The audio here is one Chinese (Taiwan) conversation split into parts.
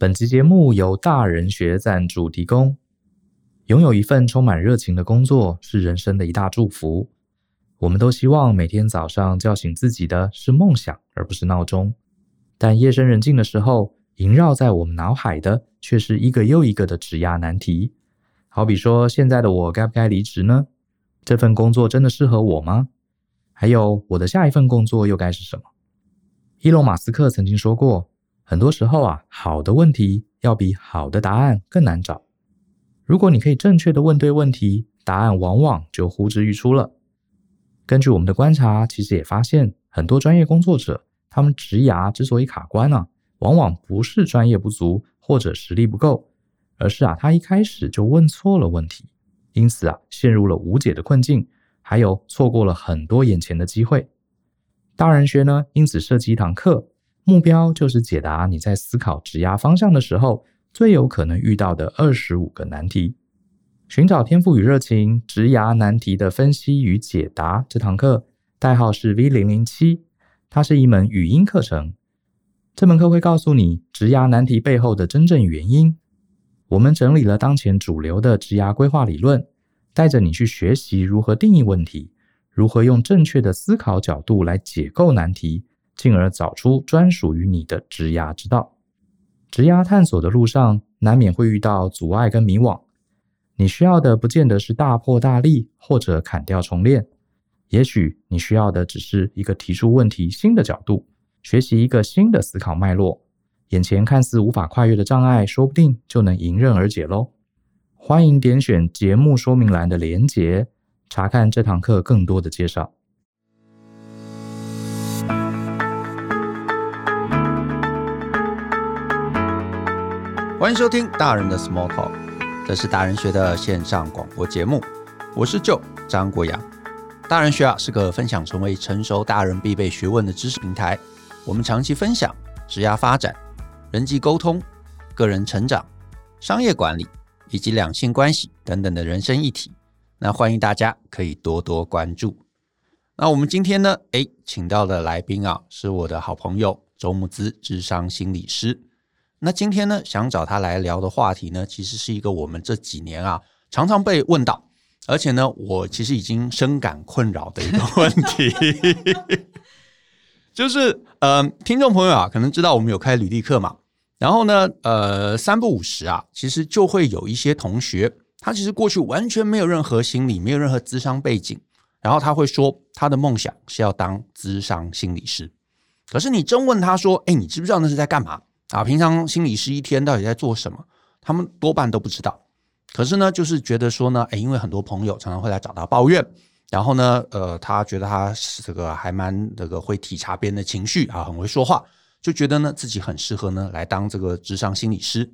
本期節目由大人學贊助提供。擁有一份充滿熱情的工作是人生的一大祝福。我們都希望每天早上叫醒自己的是夢想，而不是鬧鐘。但夜深人靜的時候，縈繞在我們腦海的卻是一個又一個的職涯難題。好比說，現在的我該不該離職呢？這份工作真的適合我嗎？還有，我的下一份工作又該是什麼？伊隆·馬斯克曾經說過。很多時候啊，好的問題要比好的答案更難找。如果你可以正確的問對問題，答案往往就呼之欲出了。根據我們的觀察，其實也發現很多專業工作者，他們職涯之所以卡關呢、啊，往往不是專業不足或者實力不夠，而是啊，他一開始就問錯了問題，因此啊，陷入了無解的困境，還有錯過了很多眼前的機會。大人學呢，因此設計一堂課。目標就是解答你在思考職涯方向的時候最有可能遇到的二十五個難題。尋找天賦與熱情、職涯難題的分析與解答，這堂課代號是 V 零零七，它是一門語音課程。這門課會告訴你職涯難題背後的真正原因。我們整理了當前主流的職涯規劃理論，帶着你去學習如何定義問題，如何用正確的思考角度來解構難題。進而找出專屬於你的職涯之道。職涯探索的路上，難免會遇到阻礙跟迷惘。你需要的，不見得是大破大立或者砍掉重練。也許你需要的，只是一個提出問題新的角度，學習一個新的思考脈絡。眼前看似無法跨越的障礙，說不定就能迎刃而解嘍。歡迎點選節目說明欄的連結，查看這堂課更多的介紹。歡迎收聽《大人的 Small Talk》，這是大人學的線上廣播節目。我是 Joe 張國洋，大人學啊是個分享成為成熟大人必備學問的知識平台。我們長期分享職業發展、人際溝通、個人成長、商業管理以及兩性關係等等的人生議題。那歡迎大家可以多多關注。那我們今天呢，誒，請到的來賓啊，是我的好朋友周慕姿，諮商心理師。那今天呢，想找他來聊的話題呢，其實是一個我們這幾年啊常常被問到，而且呢，我其實已經深感困擾的一個問題， 就是呃，聽眾朋友啊，可能知道我們有開履歷課嘛，然後呢，呃，三不五時啊，其實就會有一些同學，他其實過去完全沒有任何心理，沒有任何諮商背景，然後他會說他的夢想是要當諮商心理師，可是你真問他說，哎，你知不知道那是在幹嘛？啊，平常心理師一天到底在做什麼？他們多半都不知道。可是呢，就是覺得說呢，哎、欸，因為很多朋友常常會來找他抱怨，然後呢，呃，他覺得他是這個還蠻這個會體察別人的情緒啊，很會說話，就覺得呢自己很適合呢來當這個諮商心理師。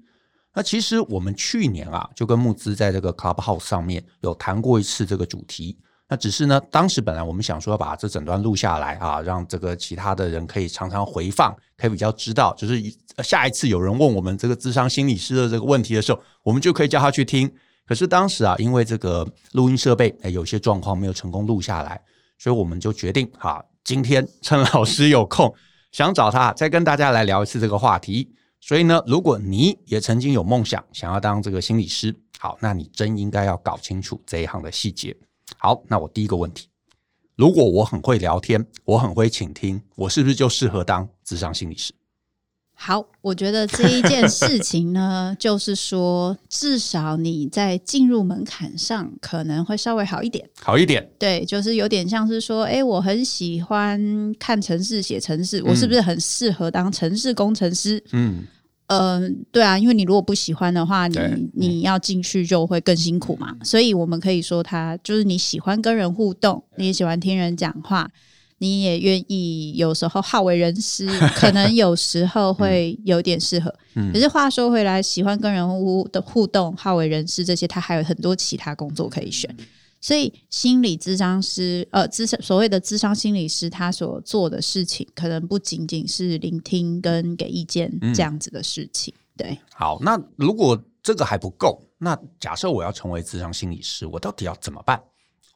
那其實我們去年啊就跟慕姿在這個 Clubhouse 上面有談過一次這個主題。那只是呢，當時本來我們想說要把這整段錄下來啊，讓這個其他的人可以常常回放，可以比較知道，就是下一次有人問我們這個諮商心理師的這個問題的時候，我們就可以叫他去聽。可是當時啊，因為這個錄音設備哎、欸、有些狀況沒有成功錄下來，所以我們就決定哈、啊，今天趁老師有空，想找他再跟大家來聊一次這個話題。所以呢，如果你也曾經有夢想想要當這個心理師，好，那你真應該要搞清楚這一行的細節。好，那我第一個問題，如果我很會聊天，我很會傾聽，我是不是就適合當諮商心理師？好，我覺得這一件事情呢， 就是說，至少你在進入門檻上可能會稍微好一點，好一點。對，就是有點像是說，哎、欸，我很喜歡看程式寫程式，我是不是很適合當程式工程師？嗯。嗯嗯、呃，對啊，因為你如果不喜歡的話，你你要進去就會更辛苦嘛。嗯、所以我們可以說他，他就是你喜歡跟人互動，你也喜歡聽人講話，你也願意有時候好為人師， 可能有時候會有點適合、嗯。可是話說回來，喜歡跟人物的互動、好為人師這些，他還有很多其他工作可以選。所以，心理諮商師呃，諮商所謂的諮商心理師，他所做的事情可能不僅僅是聆聽跟給意見這樣子的事情。嗯、對，好，那如果這個還不夠，那假設我要成為諮商心理師，我到底要怎麼辦？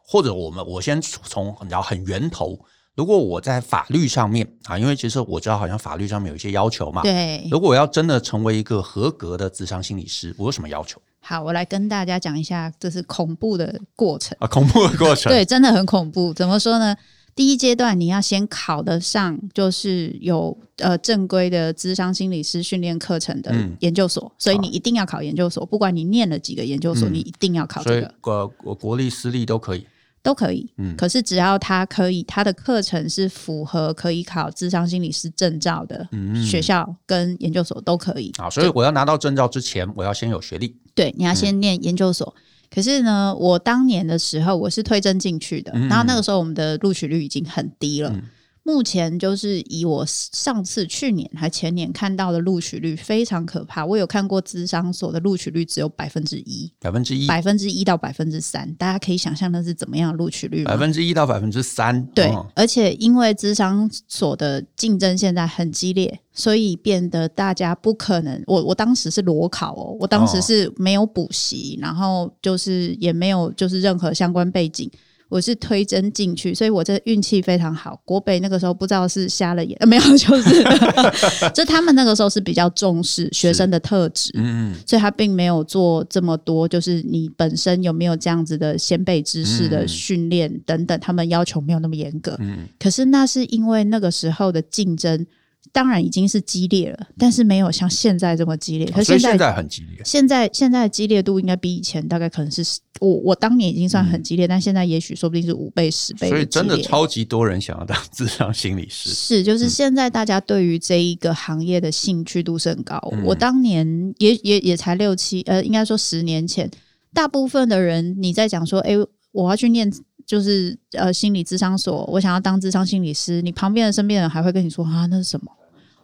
或者我，我們我先從聊很源頭，如果我在法律上面啊，因為其實我知道好像法律上面有一些要求嘛。對，如果我要真的成為一個合格的諮商心理師，我有什麼要求？好，我來跟大家講一下，這是恐怖的過程啊，恐怖的過程。 對，真的很恐怖。怎麼說呢？第一階段你要先考得上，就是有呃正規的諮商心理師訓練課程的研究所，嗯，所以你一定要考研究所。不管你念了幾個研究所，嗯、你一定要考這個。呃，國立、私立都可以。都可以，嗯，可是只要他可以，他的課程是符合可以考諮商心理師證照的、嗯、學校跟研究所都可以。好，所以我要拿到證照之前，我要先有學歷。對，你要先念研究所。嗯、可是呢，我當年的時候，我是推甄進去的、嗯，然後那個時候我們的錄取率已經很低了。嗯嗯目前就是以我上次去年還前年看到的錄取率非常可怕。我有看過諮商所的錄取率只有百分之一，百分之一，百分之一到百分之三，大家可以想象那是怎麼樣的錄取率？百分之一到百分之三，對、哦哦。而且因為諮商所的競爭現在很激烈，所以變得大家不可能。我我當時是裸考哦，我當時是沒有補習、哦，然後就是也沒有就是任何相關背景。我是推甄進去，所以我這運氣非常好。國北那個時候不知道是瞎了眼，呃、沒有，就是 就他們那個時候是比較重視學生的特質、嗯，所以他並沒有做這麼多，就是你本身有沒有這樣子的先備知識的訓練等等、嗯，他們要求沒有那麼嚴格、嗯。可是那是因為那個時候的競爭。當然已經是激烈了，但是沒有像現在這麼激烈。可是現,、啊、現在很激烈。現在現在的激烈度應該比以前大概可能是我我當年已經算很激烈，嗯、但現在也許說不定是五倍十倍。所以真的超級多人想要當諮商心理師。是，就是現在大家對於這一個行業的興趣度很高。嗯、我當年也也也才六七，呃，應該說十年前，大部分的人你在講說，哎、欸，我要去念。就是呃，心理諮商所，我想要當諮商心理師。你旁邊的身邊人還會跟你說啊，那是什麼？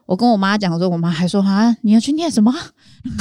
我跟我媽講的時候，我媽還說啊，你要去念什麼？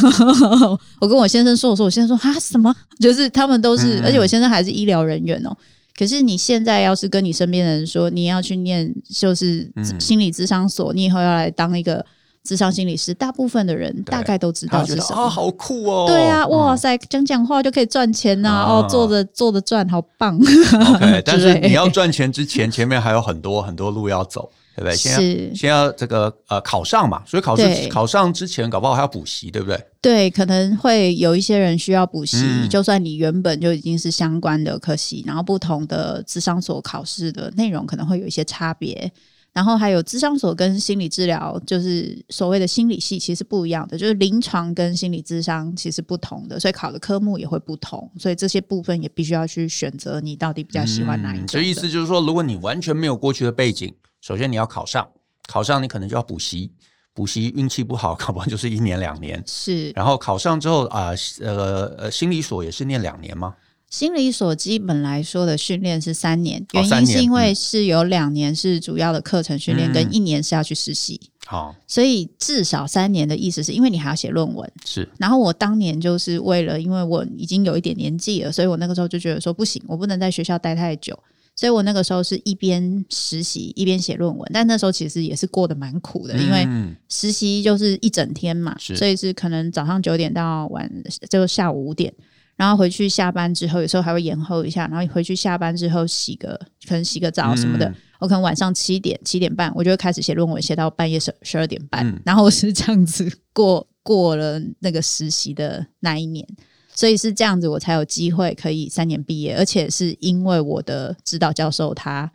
我跟我先生說，我說我先生說啊，什麼？就是他們都是，嗯、而且我先生還是醫療人員哦、喔。可是你現在要是跟你身邊的人說你要去念，就是心理諮商所，你以後要來當一個。諮商心理師，大部分的人大概都知道是什麼啊，哦，好酷哦！對啊，哇塞，講講話就可以賺錢啊、嗯、啊。哦，坐著坐著賺，好棒。o、okay，但是你要賺錢之前，前面還有很多很多路要走，對不對？先要是先要這個呃考上嘛，所以考試考上之前，搞不好還要補習，對不對？對，可能會有一些人需要補習，嗯。就算你原本就已經是相關的科系，然後不同的諮商所考試的內容可能會有一些差別。然後還有諮商所跟心理治療，就是所謂的心理系，其實不一樣的，就是臨床跟心理諮商其實不同的，所以考的科目也會不同，所以這些部分也必須要去選擇你到底比較喜歡哪一種。所以，嗯，意思就是說，如果你完全沒有過去的背景，首先你要考上，考上你可能就要補習，補習運氣不好，搞不好就是一年兩年。是。然後考上之後啊，呃呃，心理所也是念兩年嗎？心理所基本來說的訓練是三年，原因是因為是有兩年是主要的課程訓練，哦嗯，跟一年是要去實習，嗯。好，所以至少三年的意思是因為你還要寫論文。是，然後我當年就是為了因為我已經有一點年紀了，所以我那個時候就覺得說不行，我不能在學校待太久，所以我那個時候是一邊實習一邊寫論文。但那時候其實也是過得蠻苦的，嗯，因為實習就是一整天嘛，是，所以是可能早上九點到晚就是下午五點。然後回去下班之後，有時候還會延後一下。然後回去下班之後，洗個可能洗個澡什麼的。我、嗯、可能晚上七點七點半，我就會開始寫論文，寫到半夜十十二點半、嗯。然後我是這樣子過過了那個實習的那一年，所以是這樣子，我才有機會可以三年畢業，而且是因為我的指導教授他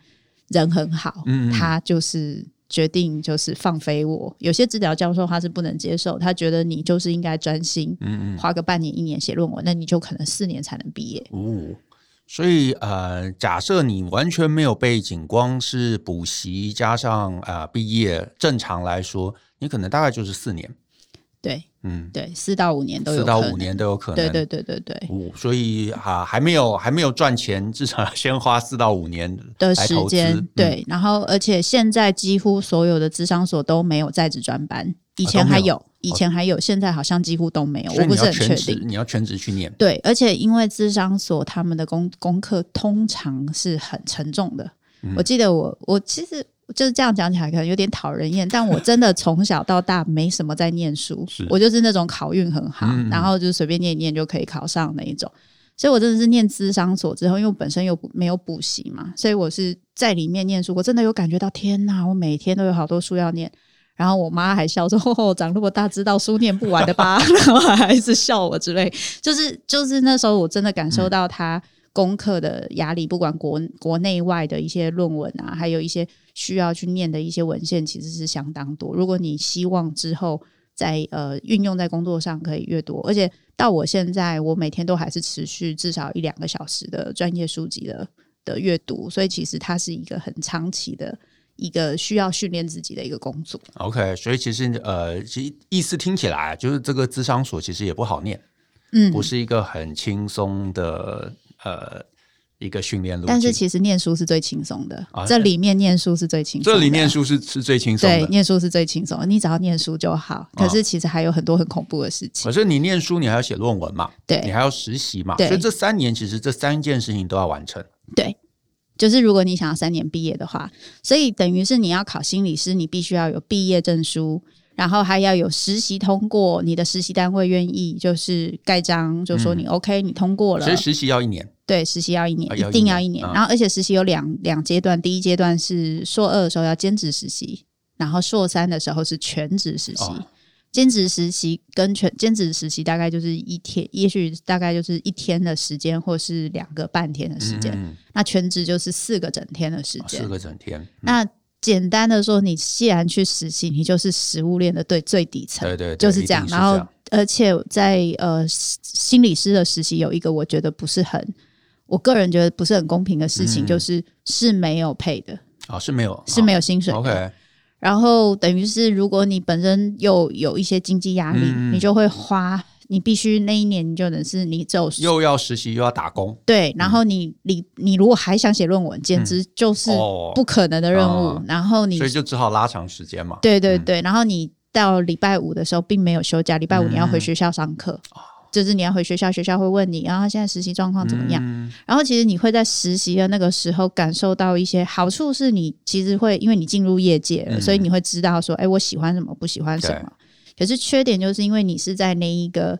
人很好，嗯嗯他就是。決定就是放飛我，有些治療教授他是不能接受，他覺得你就是應該專心，花個半年一年寫論文嗯嗯，那你就可能四年才能畢業。哦，所以呃，假設你完全沒有背景，光是補習加上啊畢業，正常來說，你可能大概就是四年。對，嗯，對，四到五年都有可能，四到五年都有可能，對,對，對,對,對，對，對，對，五，所以啊，還沒有，還沒有賺錢，至少先花四到五年投資的時間、嗯，對，然後，而且現在幾乎所有的諮商所都沒有在職專班，以前還有，有以前還有、哦，現在好像幾乎都沒有，我不是很確定，你要全職去念，對，而且因為諮商所他們的功功課通常是很沉重的、嗯，我記得我，我其實。就是這樣講起來可能有點討人厭， 但我真的從小到大沒什麼在念書，我就是那種考運很好，嗯嗯，然後就隨便念一念就可以考上那一種。所以我真的是念諮商所之後，因為我本身又沒有補習嘛，所以我是在裡面念書，我真的有感覺到天哪，我每天都有好多書要念，然後我媽還笑說：“哦，長這麼大知道書念不完的吧？” 然後還，還是笑我之類，就是就是那時候我真的感受到他。嗯功課的壓力，不管國國內外的一些論文啊，還有一些需要去念的一些文獻，其實是相當多。如果你希望之後在呃運用在工作上可以越多，而且到我現在，我每天都還是持續至少一兩個小時的專業書籍的的閱讀，所以其實它是一個很長期的一個需要訓練自己的一個工作。OK，所以其實呃，其實意思聽起來就是這個諮商所其實也不好念，嗯，不是一個很輕鬆的。呃，一個訓練路徑，但是其實念書是最輕鬆的。啊、這裡面念書是最輕鬆的，這裡念書是是最輕鬆的，對，念書是最輕鬆的。你只要念書就好，可是其實還有很多很恐怖的事情。哦、可是你念書，你還要寫論文嘛？對，你還要實習嘛？所以這三年其實這三件事情都要完成。對，就是如果你想要三年畢業的話，所以等於是你要考心理師，你必須要有畢業證書。然後還要有實習通過，你的實習單位願意就是蓋章，就說你 OK，、嗯、你通過了。其實實習要一年。對，實習要一年，要一年，一定要一年。哦、然後，而且實習有兩兩階段，第一階段是碩二的時候要兼職實習，然後碩三的時候是全職實習。哦、兼職實習跟全兼職實習大概就是一天，也許大概就是一天的時間，或是兩個半天的時間、嗯。那全職就是四個整天的時間，哦、四個整天。嗯、那簡單的說，你既然去實習，你就是食物鏈的最最底層，對對，對就是、這是這樣。然後，而且在呃心理師的實習有一個我覺得不是很，我個人覺得不是很公平的事情，嗯、就是是沒有 pay 的啊、嗯，是沒有是沒有薪水，啊。然後等於是如果你本身又有一些經濟壓力嗯嗯，你就會花。你必須那一年你就能是你走又要實習又要打工，對，然後你、嗯、你你如果還想寫論文，簡直就是不可能的任務。嗯、然後你、哦呃、然後你所以就只好拉長時間嘛。對對對，嗯、然後你到禮拜五的時候並沒有休假，禮拜五你要回學校上課，嗯、就是你要回學校，學校會問你，然後、啊、現在實習狀況怎麼樣？嗯、然後其實你會在實習的那個時候感受到一些好處，是你其實會因為你進入業界了，嗯、所以你會知道說，哎、欸，我喜歡什麼，不喜歡什麼。可是缺點就是因為你是在那一個，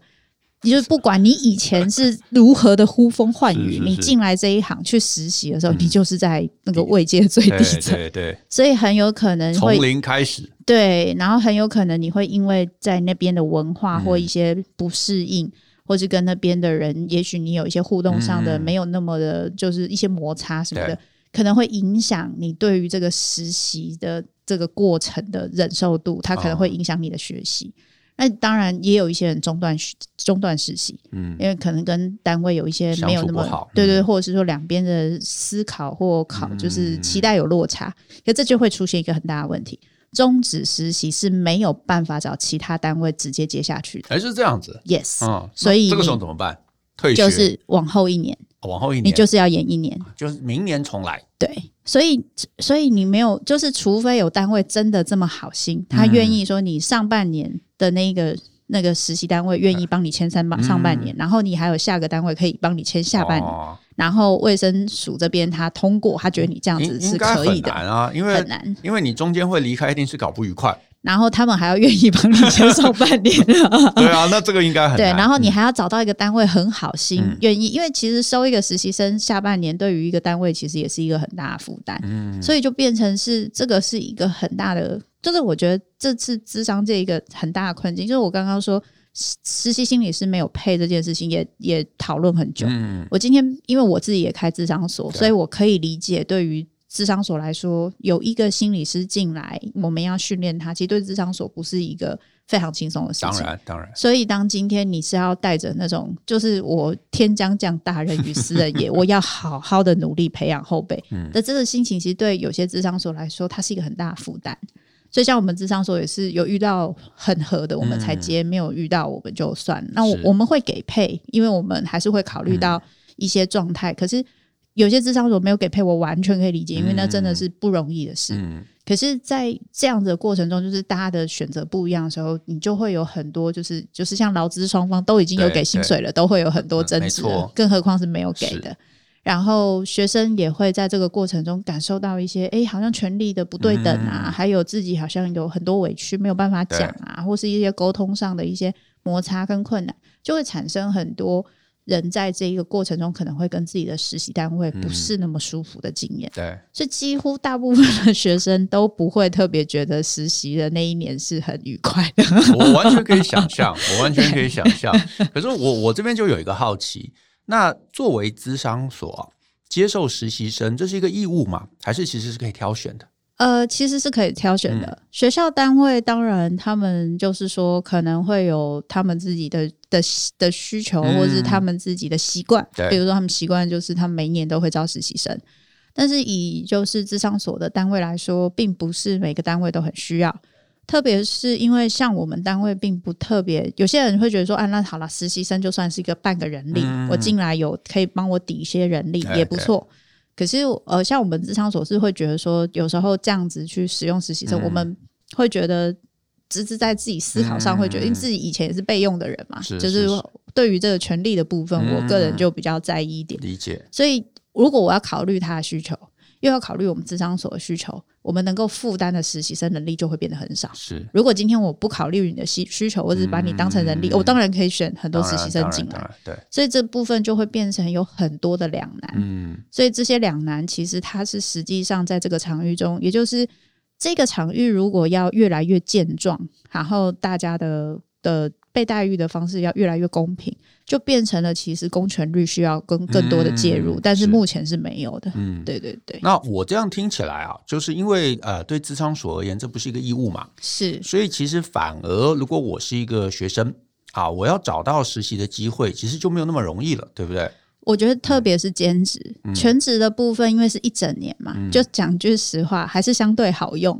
你就是不管你以前是如何的呼風喚雨，是是是你進來這一行去實習的時候，是是是你就是在那個位階最低層，嗯，對，對，所以很有可能從零開始，對，然後很有可能你會因為在那邊的文化或一些不適應，嗯、或是跟那邊的人，也許你有一些互動上的沒有那麼的，就是一些摩擦什麼的，可能會影響你對於這個實習的這個過程的忍受度，它可能會影響你的學習。那、哦、當然也有一些人中斷、中斷實習，嗯，因為可能跟單位有一些沒有那麼好，對，對對，或者是說兩邊的思考或考就是期待有落差，可、嗯嗯、這就會出現一個很大的問題。中止實習是沒有辦法找其他單位直接接下去的。還是這樣子？yes，嗯、哦，所以這個時候怎麼辦？退學，就是往後一年。往後一年，你就是要延一年，就是明年重來。對，所以所以你沒有，就是除非有單位真的這麼好心，嗯、他願意說你上半年的那個那個實習單位願意幫你簽三半上半年、嗯，然後你還有下個單位可以幫你簽下半年，哦、然後衛生署這邊他通過，他覺得你這樣子是可以的，很難啊，因為很難，因為你中間會離開，一定是搞不愉快。然後他們還要願意幫你接受半年 對啊，那這個應該很 對。然後你還要找到一個單位很好心願意、嗯，因為其實收一個實習生下半年，對於一個單位其實也是一個很大的負擔。嗯，所以就變成是這個是一個很大的，就是我覺得這次諮商這一個很大的困境。就是我剛剛說，實習心理師沒有配這件事情也，也也討論很久、嗯。我今天因為我自己也開諮商所，所以我可以理解對於。智商所來說，有一個心理師進來，我們要訓練他，其實對諮商所不是一個非常輕鬆的事情。當然，當然。所以，當今天你是要帶着那種，就是我天將降大任於斯人也， 我要好好的努力培養後輩，那、嗯、這個心情其實對有些諮商所來說，它是一個很大的負擔。所以，像我們諮商所也是有遇到很合的，我們才接；沒有遇到，我們就算、嗯。那我我們會給配，因為我們還是會考慮到一些狀態、嗯，可是。有些諮商所如果沒有給配，我完全可以理解，因為那真的是不容易的事。嗯嗯、可是，在這樣子的過程中，就是大家的選擇不一樣的時候，你就會有很多、就是，就是就是像勞資雙方都已經有給薪水了，都會有很多爭執、嗯，更何況是沒有給的。然後學生也會在這個過程中感受到一些，哎、欸，好像權力的不對等啊，嗯、還有自己好像有很多委屈沒有辦法講啊，或是一些溝通上的一些摩擦跟困難，就會產生很多。人在這一個過程中，可能會跟自己的實習單位不是那麼舒服的經驗、嗯，對，是幾乎大部分的學生都不會特別覺得實習的那一年是很愉快的 我。我完全可以想象，我完全可以想象。可是我我這邊就有一個好奇， 那作為諮商所接受實習生，這是一個義務嘛，還是其實是可以挑選的？呃，其實是可以挑選的。嗯、學校單位當然，他們就是說可能會有他們自己的的的需求，或是他們自己的習慣、嗯。比如說，他們習慣就是他們每年都會招實習生，但是以就是諮商所的單位來說，並不是每個單位都很需要。特別是因為像我們單位並不特別，有些人會覺得說，啊，那好了，實習生就算是一個半個人力，嗯、我進來有可以幫我抵一些人力、嗯、也不錯。可是，呃，像我們諮商所，是會覺得說有時候這樣子去使用實習生，我們會覺得只是在自己思考上會覺得，嗯、因為自己以前也是被用的人嘛，是是是，就是對於這個權利的部分、嗯，我個人就比較在意一點。理解。所以，如果我要考慮他的需求，又要考慮我們諮商所的需求，我們能夠負擔的實習生能力就會變得很少。是，如果今天我不考慮你的需需求，我只把你當成人力，嗯嗯嗯哦，我當然可以選很多實習生進來。對，所以這部分就會變成有很多的兩難。嗯，所以這些兩難其實它是實際上在這個場域中，也就是這個場域如果要越來越健壯，然後大家的的，被待遇的方式要越來越公平，就變成了其實公權力需要跟更,更多的介入、嗯嗯，但是目前是沒有的。嗯，對對對。那我這樣聽起來啊，就是因為呃，對諮商所而言，這不是一個義務嘛？是。所以其實反而，如果我是一個學生啊，我要找到實習的機會，其實就沒有那麼容易了，對不對？我覺得特別是兼職、嗯、全職的部分，因為是一整年嘛，嗯、就講句實話，還是相對好用。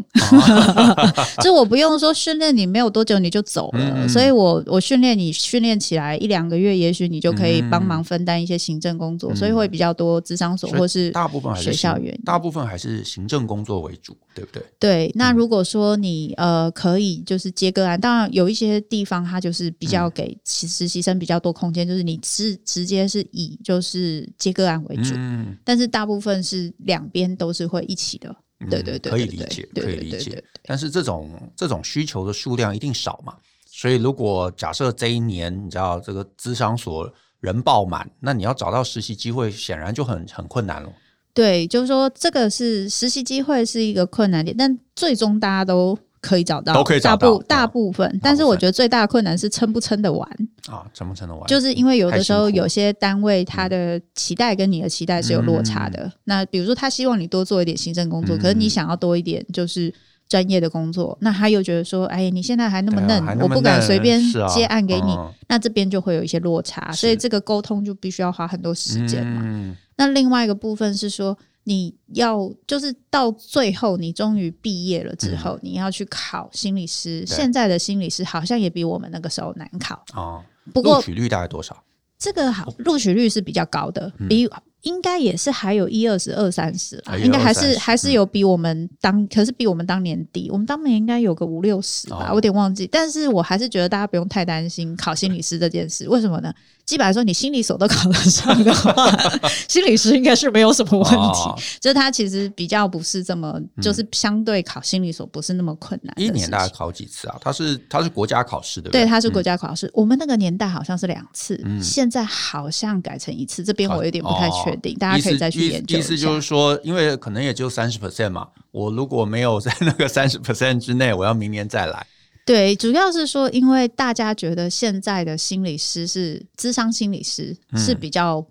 就我不用說訓練你，沒有多久你就走了，嗯嗯、所以我我訓練你，訓練起來一兩個月，也許你就可以幫忙分擔一些行政工作，嗯、所以會比較多諮商所或是所大部分還是學校員，大部分還是行政工作為主，對不對？對。那如果說你、嗯、呃可以就是接個案，當然有一些地方它就是比較給實習生比較多空間，就是你直直接是以就都是接個案為主，嗯，但是大部分是兩邊都是會一起的。嗯、對，對，對對對，可以理解，可以理解。但是這種這種需求的數量一定少嘛？所以如果假設這一年你知道這個諮商所人爆滿，那你要找到實習機會，顯然就很很困難了。對，就是說這個是實習機會是一個困難點，但最終大家都可以找到，都可以找到大部，嗯、大部分。但是我覺得最大的困難是撐不撐，嗯、得完。啊、哦，成不成能完。就是因為有的時候有些單位他的期待跟你的期待是有落差的。嗯、那比如說他希望你多做一點行政工作，嗯、可是你想要多一點就是專業的工作、嗯，那他又覺得說，哎，你現在還那麼嫩，哦、麼嫩我不敢隨便接案給你。啊嗯、那這邊就會有一些落差，所以這個溝通就必須要花很多時間嘛、嗯。那另外一個部分是說，你要就是到最後你終於畢業了之後、嗯，你要去考心理師。現在的心理師好像也比我們那個時候難考、嗯、哦。不過錄取率大概多少？這個好，錄取率是比較高的，哦嗯、比應該也是還有一二十二三十，2, 30, 應該還是 20, 還是有比我們當、嗯，可是比我們當年低，我們當年應該有個五六十吧，哦、我有點忘記。但是我還是覺得大家不用太擔心考心理師這件事，為什麼呢？基本來說，你心理所都考得上的話， 心理師應該是沒有什麼問題、哦。就是他其實比較不是這麼、嗯，就是相對考心理所不是那麼困難。一年大概考幾次啊？他是他是國家考試的對不對，對，他是國家考試、嗯。我們那個年代好像是兩次、嗯，現在好像改成一次。這邊我有點不太確定、哦，大家可以再去研究一下。意思就是說，因為可能也就三十 percent 嘛，我如果沒有在那個三十 percent 之內，我要明年再來。對，主要是說，因為大家覺得現在的心理師是諮商心理師、嗯、是比較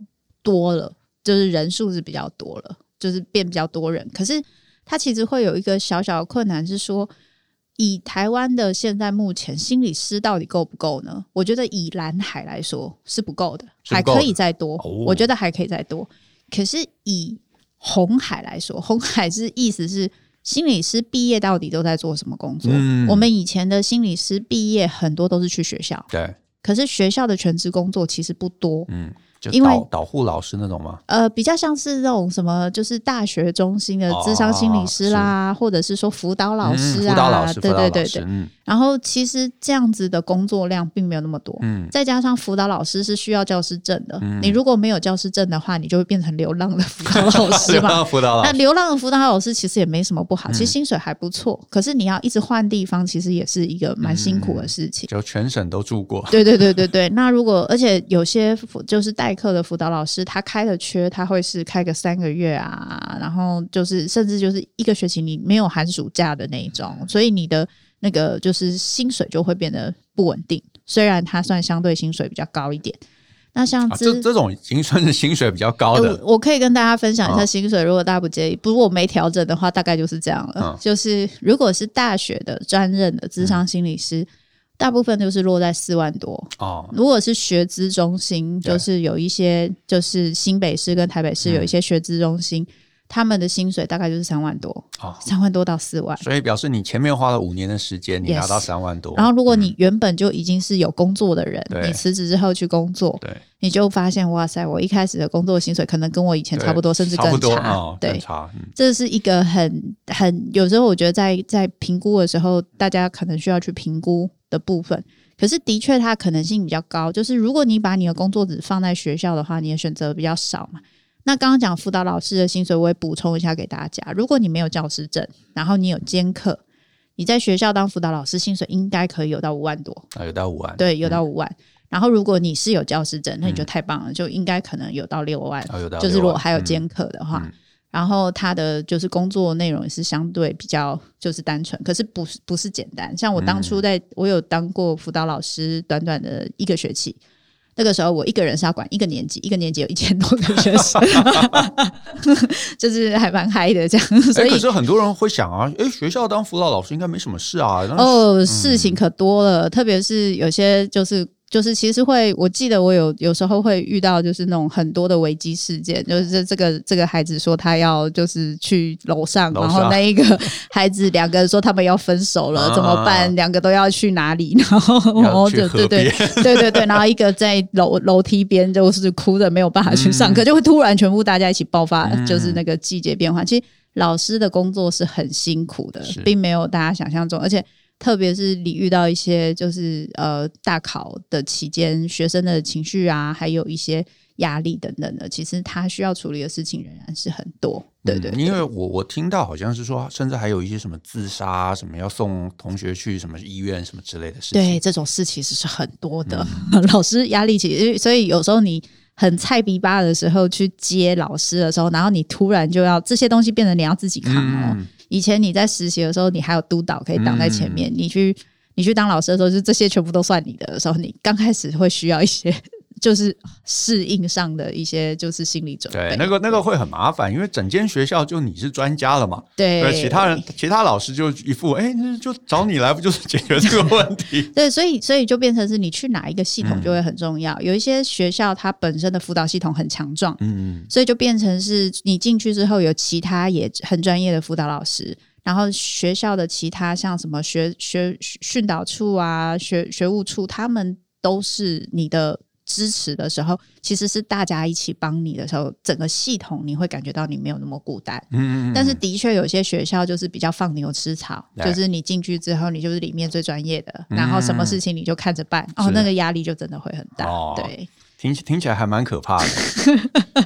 多了，就是人數是比較多了，就是變比較多人。可是他其實會有一個小小的困難，是說以台灣的現在目前心理師到底夠不夠呢？我覺得以藍海來說是不夠的，的，還可以再多、哦，我覺得還可以再多。可是以紅海來說，紅海是意思是。心理師畢業到底都在做什麼工作？嗯，我們以前的心理師畢業很多都是去學校，對，可是學校的全職工作其實不多，嗯。就為導護老師那種嗎？呃，比較像是那種什麼，就是大學中心的諮商心理師啦、啊哦，或者是說輔導老師啊，輔、嗯、導老師，對對對對、嗯。然後其實這樣子的工作量並沒有那麼多。嗯。再加上輔導老師是需要教師證的、嗯，你如果沒有教師證的話，你就會變成流浪的輔導老師嘛，輔 導老師。那流浪的輔導老師其實也沒什麼不好，嗯、其實薪水還不錯，可是你要一直換地方，其實也是一個蠻辛苦的事情、嗯。就全省都住過。對對對對對。那如果而且有些就是帶代課的輔導老師，他開的缺，他會是開個三個月啊，然後就是甚至就是一個學期，你沒有寒暑假的那一種，所以你的那個就是薪水就會變得不穩定。雖然他算相對薪水比較高一點，那像這、啊、這種已經算是薪水比較高的我。我可以跟大家分享一下薪水，哦、如果大家不介意，不過我沒調整的話，大概就是這樣了。哦、就是如果是大學的專任的諮商心理師。嗯大部分都是落在四萬多哦。Oh. 如果是學諮中心，yeah. 就是有一些，就是新北市跟台北市有一些學諮中心。Yeah. 他們的薪水大概就是三萬多，哦，三萬多到四萬，所以表示你前面花了五年的時間，Yes, 你拿到三萬多。然後，如果你原本就已經是有工作的人，嗯、你辭職之後去工作，對，你就發現哇塞，我一開始的工作薪水可能跟我以前差不多，甚至更差。差不多哦，對，更差。嗯，這是一個很很有時候我覺得在在評估的時候，大家可能需要去評估的部分。可是，的確它的可能性比較高，就是如果你把你的工作只放在學校的話，你的選擇比較少嘛。那剛剛講輔導老師的薪水，我也補充一下給大家。如果你沒有教師證，然後你有兼課，你在學校當輔導老師，薪水應該可以有到五萬多。啊，有到五萬？對，有到五萬、嗯。然後如果你是有教師證，那你就太棒了，嗯、就應該可能有到六萬。啊、有到六萬。就是如果還有兼課的話，嗯、然後他的就是工作內容也是相對比較就是單純、嗯嗯，可是不是不是簡單。像我當初在、嗯、我有當過輔導老師，短短的一個學期。那個時候我一個人是要管一個年級，一個年級有一千多個學生， 就是還蠻嗨的這樣子。所以，欸、可是很多人會想啊，誒、欸，學校當輔導老師應該沒什麼事啊。哦，事情可多了，嗯、特別是有些就是。就是其實會，我記得我有有時候會遇到，就是那種很多的危機事件，就是這這個這個孩子說他要就是去樓上，然後那一個孩子兩個人說他們要分手了，啊啊啊啊怎麼辦？兩個都要去哪裡？然後然後就對對對 對對對，然後一個在樓樓梯邊就是哭着沒有辦法去上課，嗯，就會突然全部大家一起爆發，就是那個季節變化，嗯。其實老師的工作是很辛苦的，並沒有大家想象中，而且。特別是你遇到一些就是呃大考的期間，學生的情緒啊，還有一些壓力等等的，其實他需要處理的事情仍然是很多。對對對。嗯，因為我我聽到好像是說，甚至還有一些什麼自殺啊，什麼要送同學去什麼醫院什麼之類的事情。對，這種事其實是很多的。嗯，老師壓力其實所以有時候你。很菜逼吧的時候去接老師的時候，然後你突然就要這些東西變得你要自己扛哦、喔嗯。以前你在實習的時候，你還有督導可以擋在前面，嗯、你去你去當老師的時候，就這些全部都算你的，的時候，你剛開始會需要一些。 就是適應上的一些，就是心理準備。對，那個那個會很麻煩，因為整間學校就你是專家了嘛。對，對其他人其他老師就一副，哎，就找你來，不就是解決這個問題？ 對，所以所以就變成是你去哪一個系統就會很重要。嗯。有一些學校它本身的輔導系統很強壯，嗯嗯，所以就變成是你進去之後有其他也很專業的輔導老師，然後學校的其他像什麼學學訓導處啊、學學務處，他們都是你的。支持的時候，其實是大家一起幫你的時候，整個系統你會感覺到你沒有那麼孤單。嗯，嗯。嗯、但是，的確有些學校就是比較放牛吃草，就是你進去之後，你就是裡面最專業的，嗯、然後什麼事情你就看着辦，哦，那個壓力就真的會很大。哦、對，聽聽起來還蠻可怕的。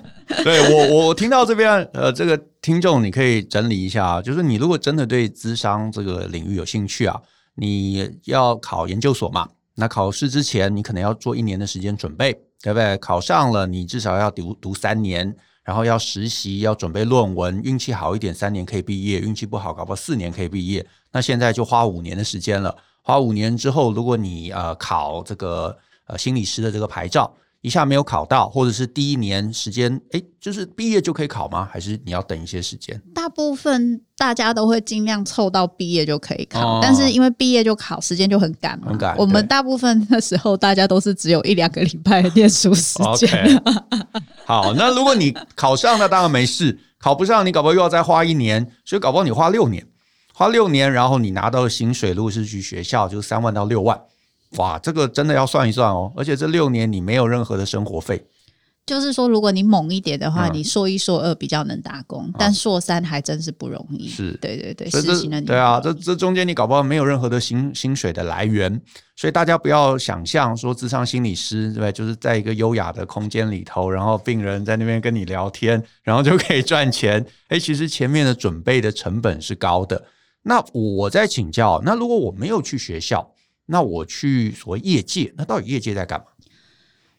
對，我，我聽到這邊，呃，這個聽眾，你可以整理一下、啊，就是你如果真的對諮商這個領域有興趣啊，你要考研究所嘛。那考試之前，你可能要做一年的時間準備，對不對？考上了，你至少要讀讀三年，然後要實習，要準備論文。運氣好一點，三年可以畢業；運氣不好，搞不好四年可以畢業。那現在就花五年的時間了。花五年之後，如果你呃考這個呃心理師的這個牌照，一下沒有考到，或者是第一年時間，哎、欸，就是畢業就可以考嗎？還是你要等一些時間？大部分大家都會盡量湊到畢業就可以考，哦、但是因為畢業就考，時間就很趕嘛、嗯。我們大部分那時候大家都是只有一兩個禮拜的念書時間。 okay. 好，那如果你考上那當然沒事； 考不上，你搞不好又要再花一年，所以搞不好你花六年，花六年，然後你拿到的薪水，如果是去學校，就是三萬到六萬。哇，這個真的要算一算哦！而且這六年你沒有任何的生活費，就是說，如果你猛一點的話，嗯、你碩一、碩二比較能打工，嗯、但碩三還真是不容易。是，對對對，實習的對啊，這這中間你搞不好沒有任何的薪薪水的來源，所以大家不要想象說，諮商心理師，對不對？就是在一個優雅的空間裡頭，然後病人在那邊跟你聊天，然後就可以賺錢。哎、欸，其實前面的準備的成本是高的。那我再請教，那如果我沒有去學校？那我去所謂業界，那到底業界在幹嘛？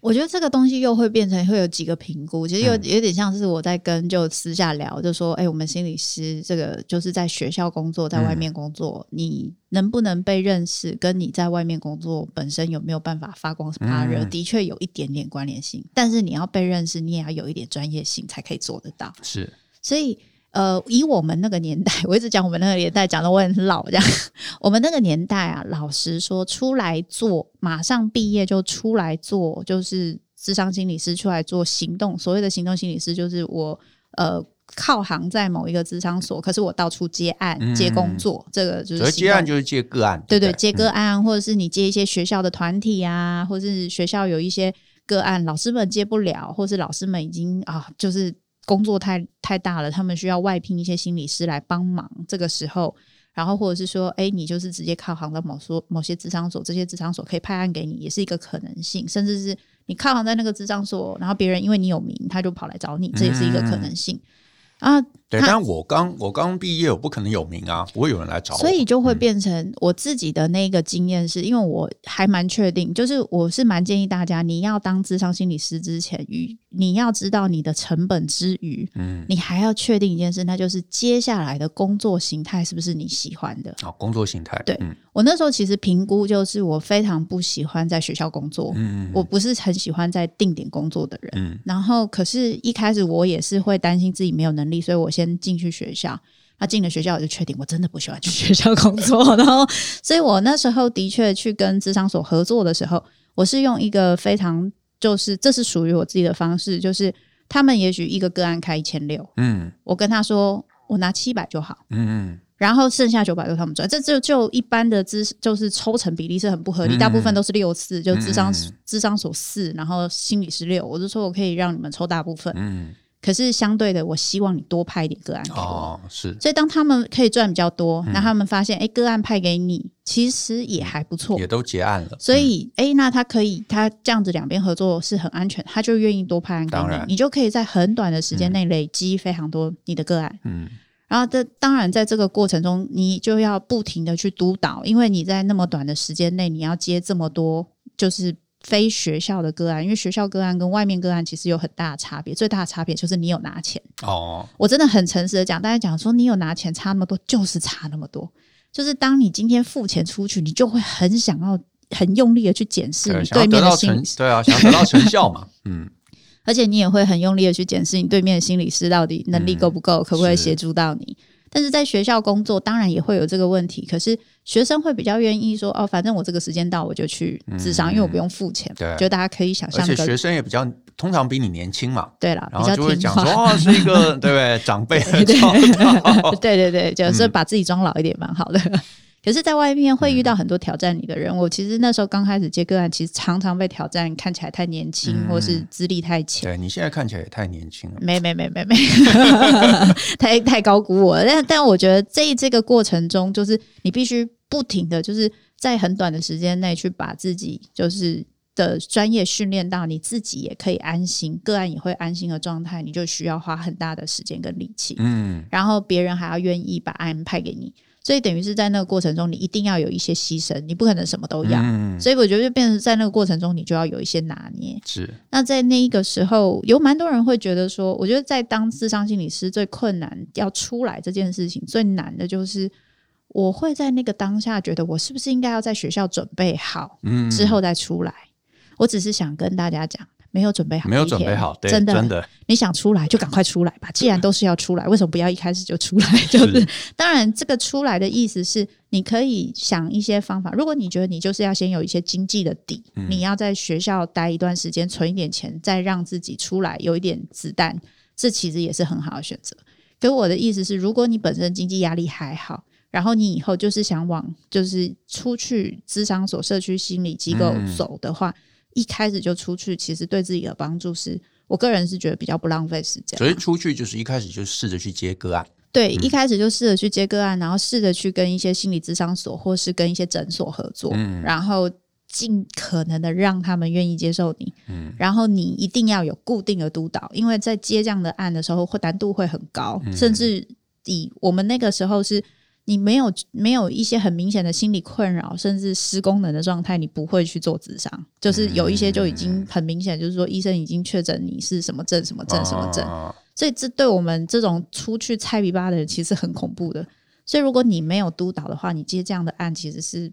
我覺得這個東西又會變成會有幾個評估，其實有有點像是我在跟就私下聊，嗯、就說，哎、欸，我們心理師這個就是在學校工作，在外面工作，嗯，你能不能被認識，跟你在外面工作本身有沒有辦法發光發熱，嗯，的確有一點點關聯性，但是你要被認識，你也要有一點專業性才可以做得到。是，所以。呃，以我們那個年代，我一直講我們那個年代，講的我很老。這樣，我們那個年代啊，老實說，出來做，馬上畢業就出來做，就是諮商心理師出來做行動。所謂的行動心理師，就是我呃靠行在某一個諮商所，可是我到處接案、嗯、接工作，這個就是所以接案就是接個案，對，對對，接個案，或者是你接一些學校的團體、啊嗯、體啊，或者是學校有一些個案，老師們接不了，或是老師們已經啊，就是。工作太太大了，他們需要外聘一些心理師來幫忙。這個時候，然後或者是說，哎、欸，你就是直接靠行在某所某些諮商所，這些諮商所可以派案給你，也是一個可能性。甚至是你靠行在那個諮商所，然後別人因為你有名，他就跑來找你，這也是一個可能性。嗯嗯嗯啊。對，但我剛我剛畢業，我不可能有名啊，不會有人來找我，所以就會變成我自己的那個經驗，是、嗯、因為我還蠻確定，就是我是蠻建議大家，你要當諮商心理師之前，與你要知道你的成本之餘，嗯，你還要確定一件事，那就是接下來的工作形態是不是你喜歡的。哦，工作形態，對、嗯、我那時候其實評估就是我非常不喜歡在學校工作，嗯，嗯，嗯，我不是很喜歡在定點工作的人，嗯，然後可是一開始我也是會擔心自己沒有能力，所以我先。進去學校，他、啊、進了學校，我就確定我真的不喜歡去學校工作，然後，所以我那時候的確去跟諮商所合作的時候，我是用一個非常就是這是屬於我自己的方式，就是他們也許一個個案開一千六，嗯，我跟他說我拿七百就好，嗯、嗯，然後剩下九百就他們賺，這就就一般的資就是抽成比例是很不合理，嗯、嗯，大部分都是六四，就諮商諮商所四，然後心理是六，我就說我可以讓你們抽大部分，嗯、嗯。可是相對的，我希望你多派一點個案給我，哦、是。所以當他們可以賺比較多，那他們發現，哎、嗯欸，個案派給你其實也還不錯，也都結案了。嗯、所以，哎、欸，那他可以，他這樣子兩邊合作是很安全，他就願意多派案給你，當然，你就可以在很短的時間內累積非常多你的個案。嗯，然後這當然在這個過程中，你就要不停的去督導，因為你在那麼短的時間內，你要接這麼多，就是。非學校的個案，因為學校個案跟外面個案其實有很大的差別，最大的差別就是你有拿錢。哦，我真的很誠實的講，大家講說你有拿錢差那麼多，就是差那麼多。就是當你今天付錢出去，你就會很想要很用力的去檢視你對面的心理師，對啊，想得到成效嘛， 嗯。而且你也會很用力的去檢視你對面的心理師到底能力夠不夠、嗯，可不可以協助到你。但是在學校工作，當然也會有這個問題。可是學生會比較願意說：“哦，反正我這個時間到，我就去諮商、嗯，因為我不用付錢。對”，就大家可以想象、那個，而且學生也比較通常比你年輕嘛，對啦，然後就會講說：“哦是一個 對不對長輩？”對對對，就是把自己裝老一點，蠻好的。嗯。可是，在外面會遇到很多挑戰你的人、嗯。我其實那時候剛開始接個案，其實常常被挑戰，看起來太年輕、嗯，或是資歷太淺。對，你現在看起來也太年輕了。沒沒沒沒沒， 太太高估我了但。但但我覺得這一，在這個過程中，就是你必須不停的就是在很短的時間內去把自己就是的專業訓練到你自己也可以安心，個案也會安心的狀態，你就需要花很大的時間跟力氣。嗯，然後別人還要願意把案派給你。所以等於是在那個過程中，你一定要有一些犧牲，你不可能什麼都要。嗯、所以我覺得就變成在那個過程中，你就要有一些拿捏。是。那在那一個時候，有蠻多人會覺得說，我覺得在當諮商心理師最困難要出來這件事情，最難的就是，我會在那個當下覺得，我是不是應該要在學校準備好，之後再出來？嗯、我只是想跟大家講。沒有準備好，沒有準備好，對，真的真的，你想出來就趕快出來吧。 既然都是要出來，為什麼不要一開始就出來？就是，是當然，這個出來的意思是你可以想一些方法。如果你覺得你就是要先有一些經濟的底，嗯、你要在學校待一段時間，存一點錢，再讓自己出來有一點子彈，這其實也是很好的選擇。可我的意思是，如果你本身經濟壓力還好，然後你以後就是想往就是出去諮商所、社區心理機構走的話。嗯一開始就出去，其實對自己的幫助是我個人是覺得比較不浪費時間。所以出去就是一開始就試着去接個案，對、嗯，一開始就試着去接個案，然後試着去跟一些心理諮商所或是跟一些診所合作，嗯、然後盡可能的讓他們願意接受你、嗯。然後你一定要有固定的督導，因為在接這樣的案的時候，會難度會很高、嗯，甚至以我們那個時候是。你沒有沒有一些很明顯的心理困擾，甚至失功能的狀態，你不會去做諮商。就是有一些就已經很明顯、嗯嗯，就是說醫生已經確診你是什麼症、什麼症、什麼症、哦哦。所以這對我們這種出去菜逼巴的人其實很恐怖的。所以如果你沒有督導的話，你接這樣的案其實是，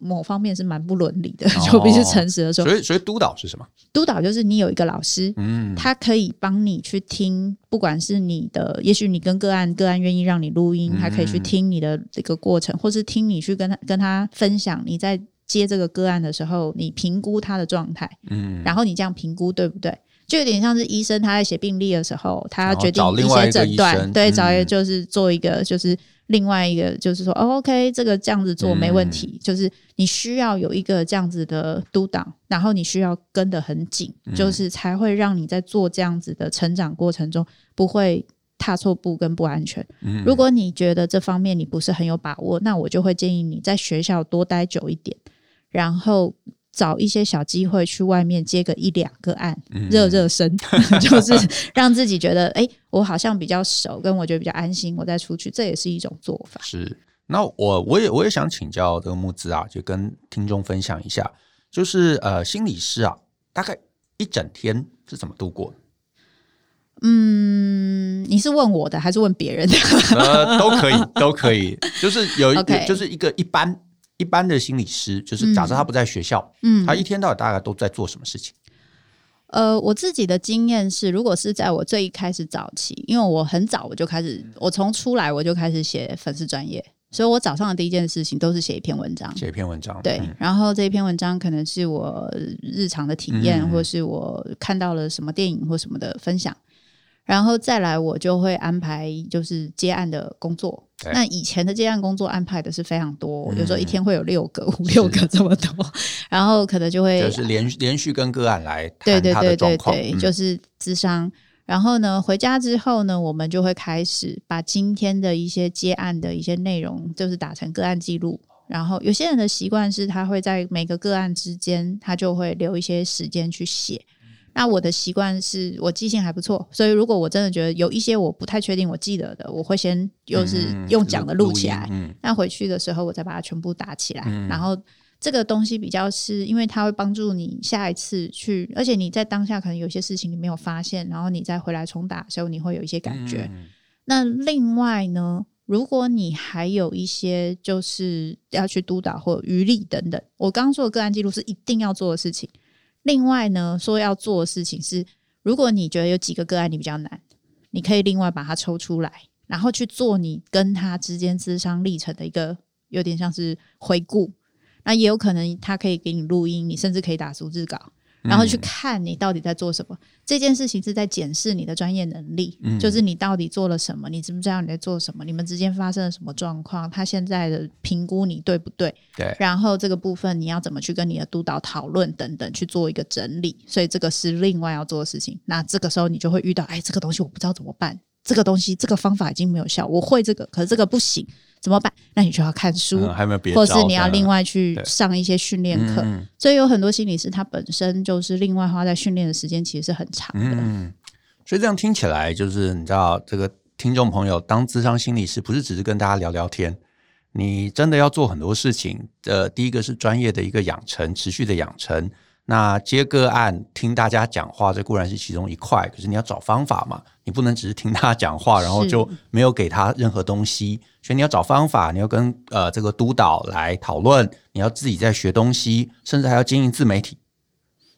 某方面是蠻不倫理的，就、哦、 必須誠實的時候、哦。所以，所以督導是什麼？督導就是你有一個老師，嗯，他可以幫你去聽，不管是你的，也許你跟個案，個案願意讓你錄音，還、嗯、可以去聽你的這個過程，或是聽你去跟他跟他分享你在接這個個案的時候，你評估他的狀態，嗯，然後你這樣評估對不對？就有點像是醫生他在寫病歷的時候，他決定一些診斷、嗯，對，找一個就是做一個就是。另外一個就是說，哦，OK，這個這樣子做沒問題、嗯，就是你需要有一個這樣子的督導，然後你需要跟得很緊、嗯，就是才會讓你在做這樣子的成長過程中不會踏錯步跟不安全、嗯。如果你覺得這方面你不是很有把握，那我就會建議你在學校多待久一點，然後。找一些小機會去外面接個一兩個案，熱、嗯、熱身， 就是讓自己覺得哎、欸，我好像比較熟，跟我覺得比較安心，我再出去，這也是一種做法。是。那我我也我也想請教這個慕姿啊，就跟聽眾分享一下，就是呃，心理師啊，大概一整天是怎麼度過？嗯，你是問我的還是問別人的？呃，都可以，都可以， 就是有一點，Okay. 就是一個一般。一般的心理師就是，假設他不在學校，嗯，嗯，他一天到底大概都在做什麼事情？呃，我自己的經驗是，如果是在我最一開始早期，因為我很早我就開始，我從出來我就開始寫粉絲專業，所以我早上的第一件事情都是寫一篇文章，寫一篇文章，對、嗯，然後這一篇文章可能是我日常的體驗、嗯，或是我看到了什麼電影或什麼的分享。然後再來，我就會安排就是接案的工作。那以前的接案工作安排的是非常多，嗯、有時候，一天會有六個、五六個這麼多。然後可能就會就是連連續跟個案來談，對對對對對，他的狀況，對，對，對，對、嗯、就是諮商。然後呢，回家之後呢，我們就會開始把今天的一些接案的一些內容，就是打成個案記錄。然後有些人的習慣是他會在每個個案之間，他就會留一些時間去寫。那我的習慣是我記性還不錯，所以如果我真的覺得有一些我不太確定我記得的，我會先又是用講的錄起來、嗯嗯，那回去的時候我再把它全部打起來。嗯、然後這個東西比較是因為它會幫助你下一次去，而且你在當下可能有些事情你沒有發現，然後你再回來重打的時候你會有一些感覺、嗯。那另外呢，如果你還有一些就是要去督導或餘力等等，我剛剛說的個案記錄是一定要做的事情。另外呢，說要做的事情是，如果你覺得有幾個個案你比較難，你可以另外把它抽出來，然後去做你跟他之間諮商歷程的一個有點像是回顧。那也有可能他可以給你錄音，你甚至可以打逐字稿。然後去看你到底在做什麼，嗯，這件事情是在檢視你的專業能力，嗯，就是你到底做了什麼，你知不知道你在做什麼，你們之間發生了什麼狀況，他現在的評估你對不對？對。然後這個部分你要怎麼去跟你的督導討論等等，去做一個整理，所以這個是另外要做的事情。那這個時候你就會遇到，哎，這個東西我不知道怎麼辦，這個東西這個方法已經沒有效，我會這個，可是這個不行。怎麼辦？那你就要看書，嗯、還沒有，或是你要另外去上一些訓練課。所以有很多心理師，他本身就是另外花在訓練的時間，其實是很長的、嗯。所以這樣聽起來，就是你知道，這個聽眾朋友當諮商心理師，不是只是跟大家聊聊天，你真的要做很多事情呃，第一個是專業的一個養成，持續的養成。那接個案，聽大家講話，這固然是其中一塊，可是你要找方法嘛，你不能只是聽他講話，然後就沒有給他任何東西。所以你要找方法，你要跟呃這個督導來討論，你要自己在學東西，甚至還要經營自媒體。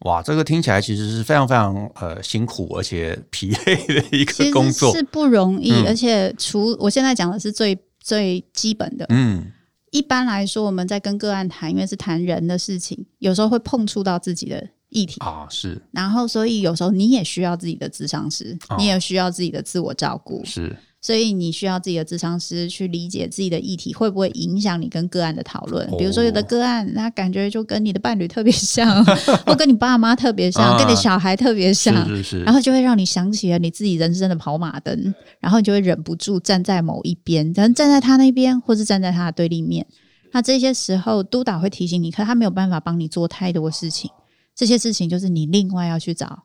哇，這個聽起來其實是非常非常呃辛苦而且疲累的一個工作，其實是不容易。嗯、而且除我現在講的是最最基本的，嗯，一般來說我們在跟個案談，因為是談人的事情，有時候會碰觸到自己的議題啊，是。然後所以有時候你也需要自己的諮商師、啊，你也需要自己的自我照顧，是。所以你需要自己的諮商師去理解自己的議題會不會影響你跟個案的討論？哦、比如說有的個案，他感覺就跟你的伴侶特別像， 或跟你爸媽特別像，啊、跟你的小孩特別像。是是是，然後就會讓你想起了你自己人生的跑馬燈，然後你就會忍不住站在某一邊，可能站在他那邊，或是站在他的對立面。那這些時候督導會提醒你，可他沒有辦法幫你做太多事情，這些事情就是你另外要去找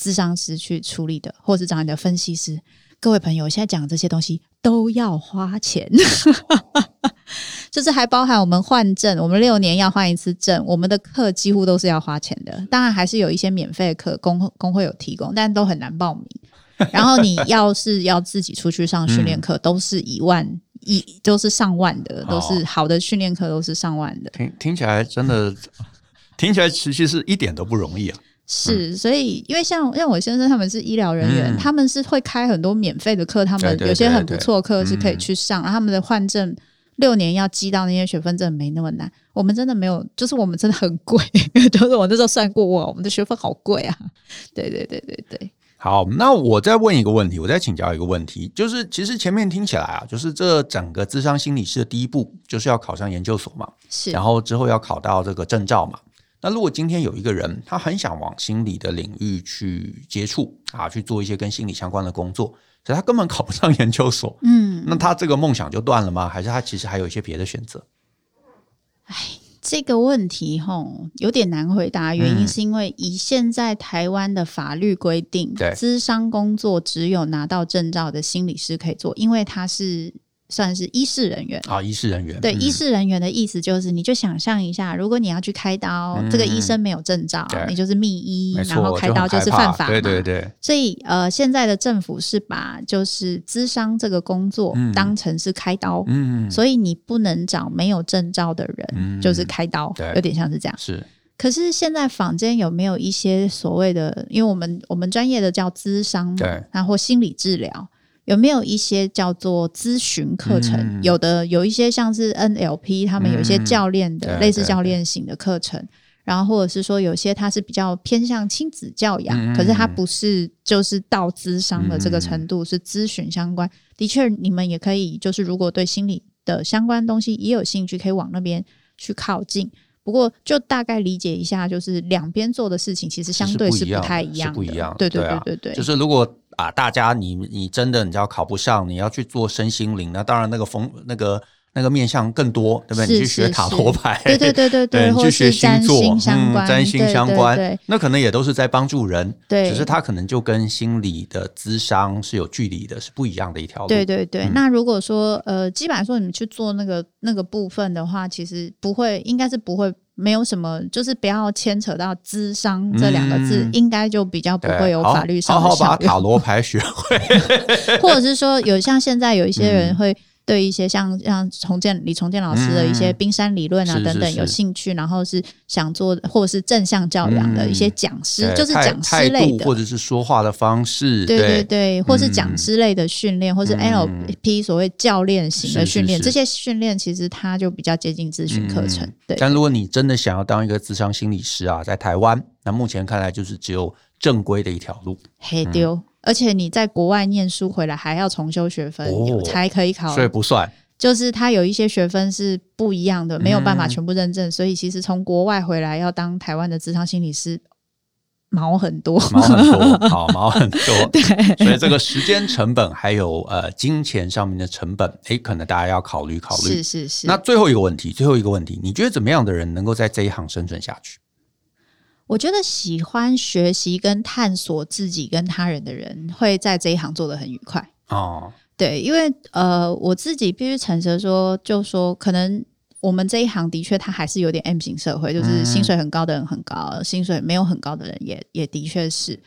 諮商師去處理的，或是找你的分析師。各位朋友，現在講這些東西都要花錢， 就是還包含我們換證，我們六年要換一次證，我們的課幾乎都是要花錢的。當然，還是有一些免費的課，工工會有提供，但都很難報名。然後你要是要自己出去上訓練課， 嗯、都是一萬一，都是上萬的，都是好的訓練課，都是上萬的。聽聽起來真的，聽起來其實是一點都不容易啊。是，所以因為像像我先生他們是醫療人員、嗯，他們是會開很多免費的課，他們有些很不錯的課是可以去上。對對對對嗯、然後他們的換證六年要積到那些學分，證沒那麼難。我們真的沒有，就是我們真的很貴。 就是我那時候算過我，我我們的學分好貴啊。對，對對對對對。好，那我再問一個問題，我再請教一個問題，就是其實前面聽起來啊，就是這整個諮商心理師的第一步就是要考上研究所嘛，是，然後之後要考到這個證照嘛。那如果今天有一個人，他很想往心理的領域去接觸啊，去做一些跟心理相關的工作，所以他根本考不上研究所，嗯，那他這個夢想就斷了嗎？還是他其實還有一些別的選擇？哎，這個問題吼有點難回答，原因是因為以現在台灣的法律規定，嗯，對，諮商工作只有拿到證照的心理師可以做，因為他是。算是醫事人員啊、哦，醫事人員對、嗯、醫事人員的意思就是，你就想象一下、嗯，如果你要去開刀、嗯，這個醫生沒有證照，你就是密醫，然後開刀就是犯法，對對對。所以呃，現在的政府是把就是諮商這個工作當成是開刀、嗯，所以你不能找沒有證照的人就是開刀，嗯、有點像是這樣。是，可是現在坊間有沒有一些所謂的，因為我們我們專業的叫諮商，然後、啊、心理治療。有沒有一些叫做諮詢課程、嗯？有的，有一些像是 NLP，他們有一些教練的、嗯、類似教練型的課程。然後或者是說，有些它是比較偏向親子教養、嗯，可是它不是就是到諮商的這個程度，嗯、是諮詢相關。的確，你們也可以，就是如果對心理的相關東西也有興趣，可以往那邊去靠近。不過，就大概理解一下，就是兩邊做的事情其實相對是不太一樣不一樣。對對對對對、對、對、對、對、啊，就是如果，啊，大家你，你你真的，你知道考不上，你要去做身心靈，那當然那個風那個那個面向更多，對不對？是是是你去學塔羅牌，對對對對對，對，對，你去學星座，嗯，占星相關對對對對，那可能也都是在幫助人，對，對，對，只是他可能就跟心理的諮商是有距離的，是不一樣的一條路。對對對。嗯、那如果說呃，基本上說你們去做那個那個部分的話，其實不會，應該是不會。沒有什麼，就是不要牽扯到“諮、嗯、商”這兩個字，應該就比較不會有法律上的問題。好好把塔羅牌學會 或者是說，有像現在有一些人會。對一些像像崇建李崇建老師的一些冰山理論啊、嗯、等等是是是有興趣，然後是想做或者是正向教養的一些講師、嗯，就是講師類的，或者是說話的方式，對對，對對，或是講師類的訓練、嗯，或是 NLP 所謂教練型的訓練，嗯、是是是這些訓練其實它就比較接近諮詢課程。嗯、對。但如果你真的想要當一個諮商心理師啊，在台灣，那目前看來就是只有正規的一條路。而且你在國外念書回來還要重修學分。哦，有，才可以考，所以不算。就是他有一些學分是不一樣的，沒有辦法全部認證，嗯、所以其實從國外回來要當台灣的諮商心理師，毛很多，毛很多， 好，毛很多。對，所以這個時間成本還有呃金錢上面的成本，哎、欸，可能大家要考慮考慮。是是是。那最後一個問題，最後一個問題，你覺得怎麼樣的人能夠在這一行生存下去？我覺得喜歡學習跟探索自己跟他人的人，會在這一行做得很愉快哦。Oh. 對，因為呃，我自己必須誠實說，就說可能我們這一行的確，它還是有點 M 型社會，就是薪水很高的人很高，薪水沒有很高的人也也的確是。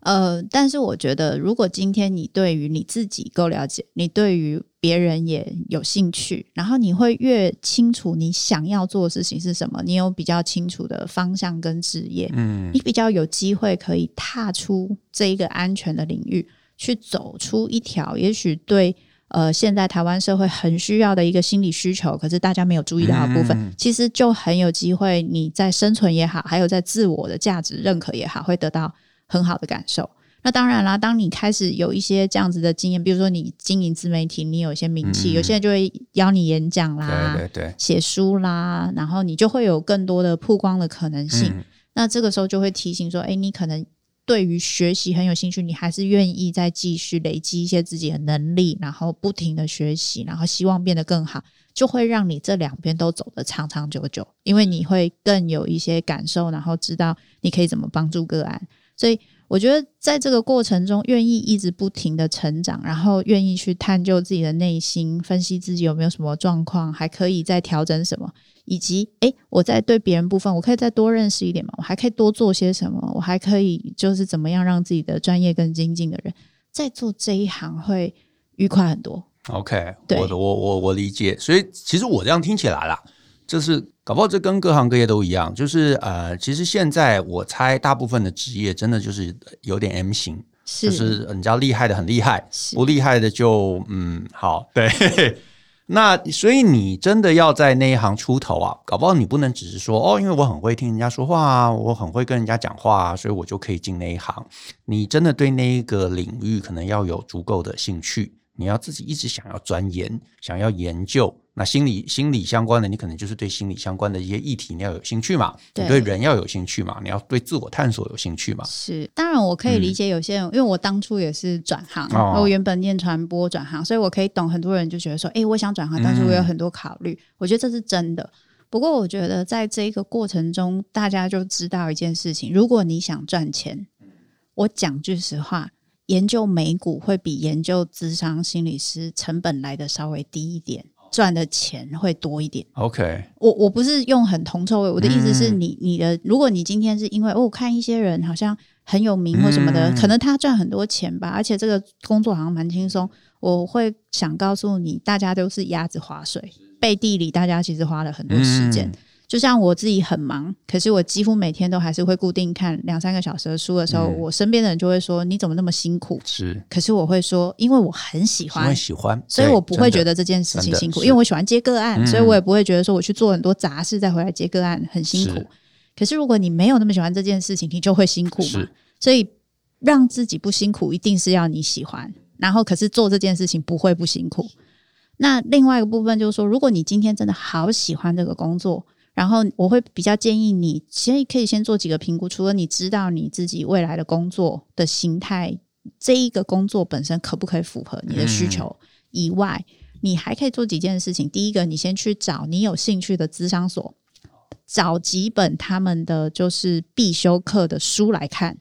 呃，但是我覺得，如果今天你對於你自己夠了解，你對於別人也有興趣，然後你會越清楚你想要做的事情是什麼，你有比較清楚的方向跟職業，嗯，你比較有機會可以踏出這一個安全的領域，去走出一條也許對呃現在台灣社會很需要的一個心理需求，可是大家沒有注意到的部分，嗯，其實就很有機會你在生存也好，還有在自我的價值認可也好，會得到。很好的感受。那當然啦，當你開始有一些這樣子的經驗，比如說你經營自媒體，你有一些名氣、嗯，有些人就會邀你演講啦，寫書啦，然後你就會有更多的曝光的可能性。嗯、那這個時候就會提醒說：“誒、欸，你可能對於學習很有興趣，你還是願意再繼續累積一些自己的能力，然後不停的學習，然後希望變得更好，就會讓你這兩邊都走得長長久久，因為你會更有一些感受，然後知道你可以怎麼幫助個案。”所以我覺得，在這個過程中，願意一直不停的成長，然後願意去探究自己的內心，分析自己有沒有什麼狀況，還可以再調整什麼，以及誒、欸，我在對別人部分，我可以再多認識一點嘛？我還可以多做些什麼？我還可以就是怎麼樣讓自己的專業更精進的人，在做這一行會愉快很多。OK，對，我的我我我理解。所以其實我這樣聽起來啦。就是搞不好，這跟各行各業都一樣，就是呃，其實現在我猜，大部分的職業真的就是有點 M 型，是，就是人家厲害的很厲害，不厲害的就嗯好對。 那所以你真的要在那一行出頭啊，搞不好你不能只是說哦，因為我很會聽人家說話啊，我很會跟人家講話啊，所以我就可以進那一行。你真的對那一個領域可能要有足夠的興趣，你要自己一直想要鑽研，想要研究。那心理心理相關的，你可能就是對心理相關的一些議題你要有興趣嘛？對，你對人要有興趣嘛？你要對自我探索有興趣嘛？是，當然我可以理解有些人，嗯、因為我當初也是轉行，哦，我原本念傳播轉行，所以我可以懂很多人就覺得說，哎、欸，我想轉行，但是我有很多考慮，嗯，我覺得這是真的。不過我覺得在這個過程中，大家就知道一件事情：如果你想賺錢，我講句實話，研究美股會比研究諮商心理師成本來的稍微低一點。賺的錢會多一點 okay。OK，我我不是用很銅臭味、欸，我的意思是你，嗯，你的，如果你今天是因為哦，看一些人好像很有名或什麼的，嗯，可能他賺很多錢吧，而且這個工作好像蠻輕鬆，我會想告訴你，大家都是鴨子划水，背地裡大家其實花了很多時間。嗯嗯就像我自己很忙，可是我幾乎每天都還是會固定看兩三個小時的書的時候，嗯、我身邊的人就會說：“你怎麼那麼辛苦？”是。可是我會說：“因為我很喜歡，喜歡，所以我不會覺得這件事情辛苦。因為我喜歡接個案，所以我也不會覺得說我去做很多雜事再回來接個案、嗯、很辛苦。可是如果你沒有那麼喜歡這件事情，你就會辛苦嘛。是。所以讓自己不辛苦，一定是要你喜歡。然後，可是做這件事情不會不辛苦。那另外一個部分就是說，如果你今天真的好喜歡這個工作，然後我會比較建議你先，先可以先做幾個評估。除了你知道你自己未來的工作的形態，這一個工作本身可不可以符合你的需求以外，嗯、你還可以做幾件事情。第一個，你先去找你有興趣的諮商所，找幾本他們的就是必修課的書來看，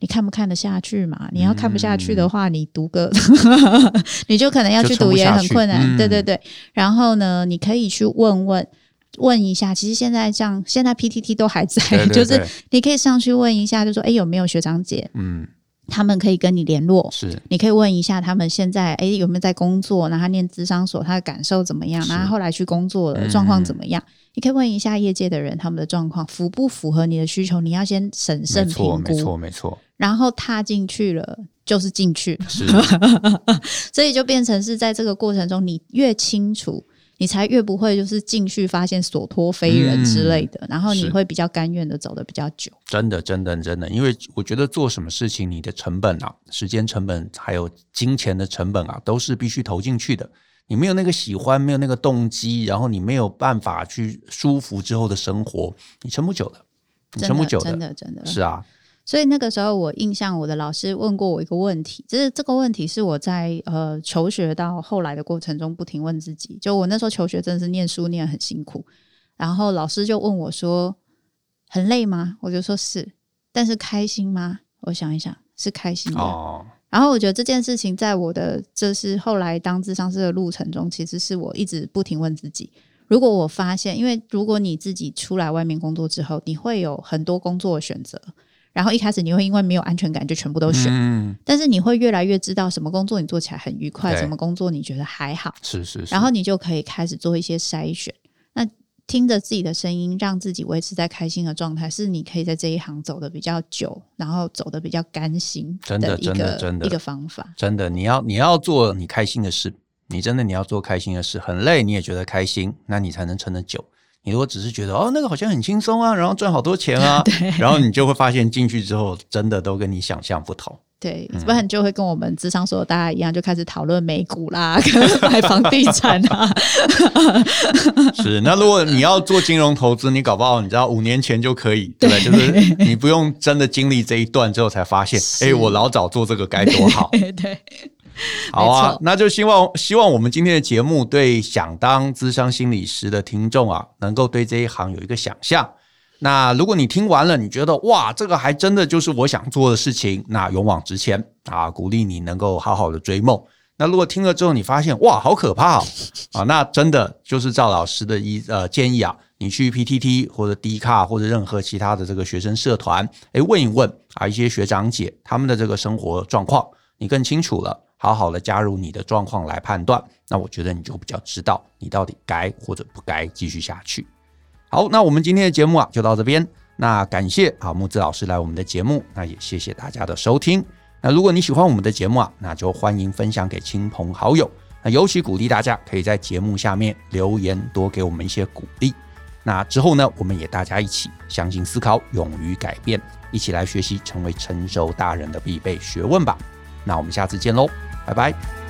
你看不看得下去嘛？你要看不下去的話，你讀個，嗯、 你就可能要去讀也很困難、嗯。對對對。然後呢，你可以去問問。問一下，其實現在這樣，現在 P T T 都還在對對對，就是你可以上去問一下就，就說哎有沒有學長姐，嗯，他們可以跟你聯絡，是，你可以問一下他們現在哎、欸、有沒有在工作，然後他唸諮商所，他的感受怎麼樣，然後後來去工作了，狀況怎麼樣、嗯，你可以問一下業界的人他們的狀況符不符合你的需求，你要先審慎評估，沒錯沒錯，然後踏進去了就是進去，是， 所以就變成是在這個過程中，你越清楚。你才越不會就是進去發現所托非人之類的、嗯，然後你會比較甘願的走的比較久。真的，真的，真的，因為我覺得做什麼事情，你的成本啊，時間成本，還有金錢的成本啊，都是必須投進去的。你沒有那個喜歡，沒有那個動機，然後你沒有辦法去舒服之後的生活，你撐不久了，你撐不久了，真的，真的，是啊。所以那個時候，我印象我的老師問過我一個問題，就是這個問題是我在呃求學到後來的過程中不停問自己。就我那時候求學，真的是念書念很辛苦，然後老師就問我說：“很累嗎？”我就說：“是。”但是開心嗎？我想一想，是開心的。Oh. 然後我覺得這件事情在我的這是後來當諮商師的路程中，其實是我一直不停問自己。如果我發現，因為如果你自己出來外面工作之後，你會有很多工作的選擇。然後一開始你會因為沒有安全感就全部都選，嗯，但是你會越來越知道什麼工作你做起來很愉快，什麼工作你覺得還好，是是是。然後你就可以開始做一些篩選。那聽着自己的聲音，讓自己維持在開心的狀態，是你可以在這一行走的比較久，然後走的比較甘心的。真的，真的，真的一個方法。真的，你要你要做你開心的事，你真的你要做開心的事，很累你也覺得開心，那你才能撐得久。你如果只是覺得哦，那個好像很輕鬆啊，然後賺好多錢啊，然後你就會發現進去之後真的都跟你想象不同。對、嗯，不然就會跟我們諮商所有大家一樣，就開始討論美股啦，跟買房地產啦。 是，那如果你要做金融投資，你搞不好你知道五年前就可以，對，對就是你不用真的經歷這一段之後才發現，哎、欸，我老早做這個該多好。對，對，對，對。好啊，那就希望希望我們今天的節目對想當諮商心理師的聽眾啊，能夠對這一行有一個想象那如果你聽完了，你覺得哇，這個還真的就是我想做的事情，那勇往直前啊，鼓勵你能夠好好的追夢。那如果聽了之後你發現哇，好可怕、哦、 啊，那真的就是趙老師的一呃建議啊，你去 PTT 或者 D 卡或者任何其他的這個學生社團，哎，問一問啊，一些學長姐他們的這個生活狀況，你更清楚了。好好的加入你的狀況來判斷，那我覺得你就比較知道你到底該或者不該繼續下去。好，那我們今天的節目啊就到這邊。那感謝啊慕姿老師來我們的節目，那也謝謝大家的收聽。那如果你喜歡我們的節目啊，那就歡迎分享給親朋好友。那尤其鼓勵大家可以在節目下面留言，多給我們一些鼓勵。那之後呢，我們也大家一起相信、思考、勇於改變，一起來學習，成為成熟大人的必備學問吧。那我們下次見嘍。拜拜。